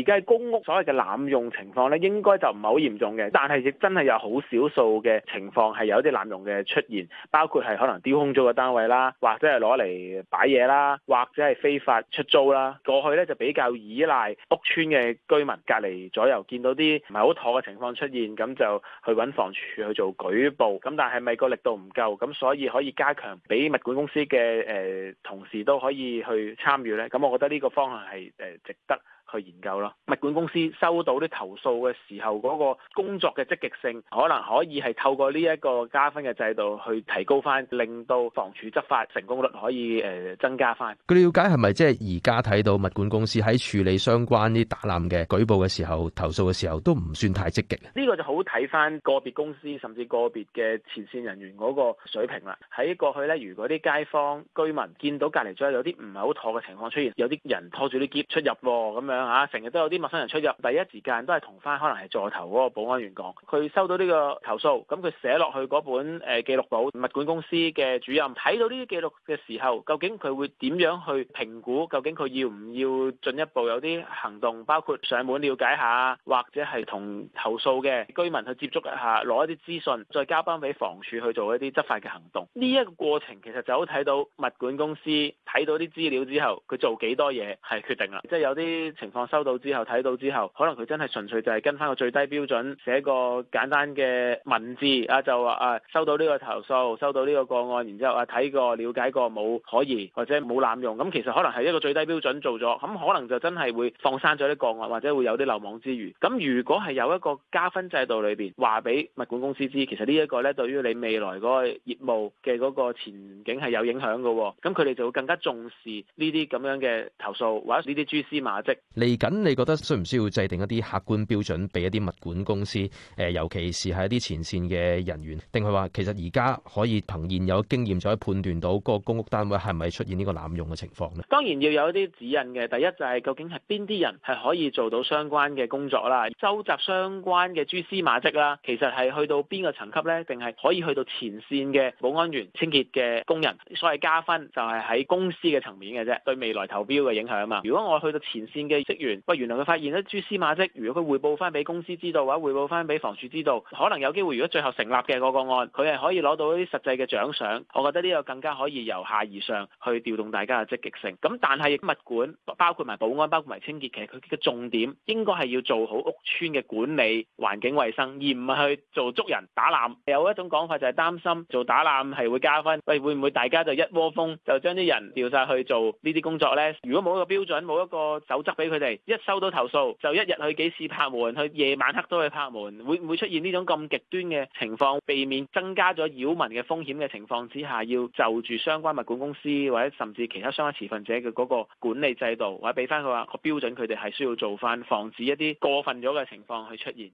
而家公屋所謂嘅濫用情況咧，應該就唔係好嚴重嘅，但係亦真係有好少數嘅情況係有啲濫用嘅出現，包括係可能丟空租嘅單位啦，或者係攞嚟擺嘢啦，或者係非法出租啦。過去咧就比較依賴屋邨嘅居民隔離左右見到啲唔係好妥嘅情況出現，咁就去搵房署去做舉報。咁但係咪個力度唔夠？咁所以可以加強，俾物管公司嘅誒同事都可以去參與咧。咁我覺得呢個方向係誒值得。去研究咯，物管公司收到啲投訴嘅時候，嗰個工作嘅積極性，可能可以係透過呢一個加分嘅制度去提高翻，令到房署執法成功率可以誒、呃、增加翻。據了解係咪即係而家睇到物管公司喺處理相關啲打濫嘅舉報嘅時候、投訴嘅時候都唔算太積極？呢個就好睇翻個別公司甚至個別嘅前線人員嗰個水平啦。喺過去咧，如果啲街坊居民見到隔離咗有啲唔係好妥嘅情況出現，有啲人拖住啲喼出入咁樣。啊！成日都有啲陌生人出入，第一時間都係同翻可能係座頭嗰個保安員講，佢收到呢個投訴，咁佢寫落去嗰本誒記錄簿，物管公司嘅主任睇到呢啲記錄嘅時候，究竟佢會點樣去評估？究竟佢要唔要進一步有啲行動，包括上門了解下，或者係同投訴嘅居民去接觸一下，攞一啲資訊，再交翻俾房署去做一啲執法嘅行動。呢一個過程其實就好睇到物管公司睇到啲資料之後，佢做幾多嘢係決定啦，即係有啲情。收到之後睇到之後，可能佢真係純粹就係跟返個最低標準寫個簡單嘅文字啊，就話啊收到呢個投訴，收到呢個個案，然之後啊睇過了解過冇可疑或者冇濫用，咁其實可能係一個最低標準做咗，咁可能就真係會放生咗啲個案，或者會有啲漏網之魚。咁如果係有一個加分制度裏邊話俾物管公司知，其實呢一個咧對於你未來嗰個業務嘅嗰個前景係有影響嘅喎，咁佢哋就會更加重視呢啲咁樣嘅投訴或者呢啲蛛絲馬跡。嚟緊，你覺得需唔需要制定一啲客觀標準，俾一啲物管公司？誒，尤其是係一啲前線嘅人員，定係話其實而家可以憑現有經驗就可以判斷到個公屋單位係咪出現呢個濫用嘅情況呢？當然要有一啲指引嘅。第一就係究竟係邊啲人係可以做到相關嘅工作啦，收集相關嘅蛛絲馬跡啦。其實係去到邊個層級呢？定係可以去到前線嘅保安員、清潔嘅工人？所謂加分就係喺公司嘅層面嘅啫，對未來投標嘅影響啊嘛。如果我去到前線嘅。職員喂，原來佢發現咗蛛絲馬跡。如果佢匯報翻俾公司知道，或者匯報翻俾房署知道，可能有機會。如果最後成立嘅嗰個案，佢係可以攞到一啲實際嘅獎賞。我覺得呢個更加可以由下而上去調動大家嘅積極性。咁但係亦物管包括埋保安、包括埋清潔，其實佢嘅重點應該係要做好屋邨嘅管理、環境衞生，而唔係去做捉人、打攬。有一種講法就係擔心做打攬係會加分，喂會唔會大家就一窩蜂，蜂就將啲人調晒去做呢啲工作呢？如果冇一個標準，冇一個守則俾佢。即係一收到投訴，就一日去幾次拍門，去夜晚黑都去拍門，會唔會出現呢種咁極端嘅情況？避免增加咗擾民嘅風險嘅情況之下，要就住相關物管公司或者甚至其他相關持份者嘅嗰個管理制度，或者俾翻佢話個標準，佢哋係需要做翻，防止一啲過分咗嘅情況去出現。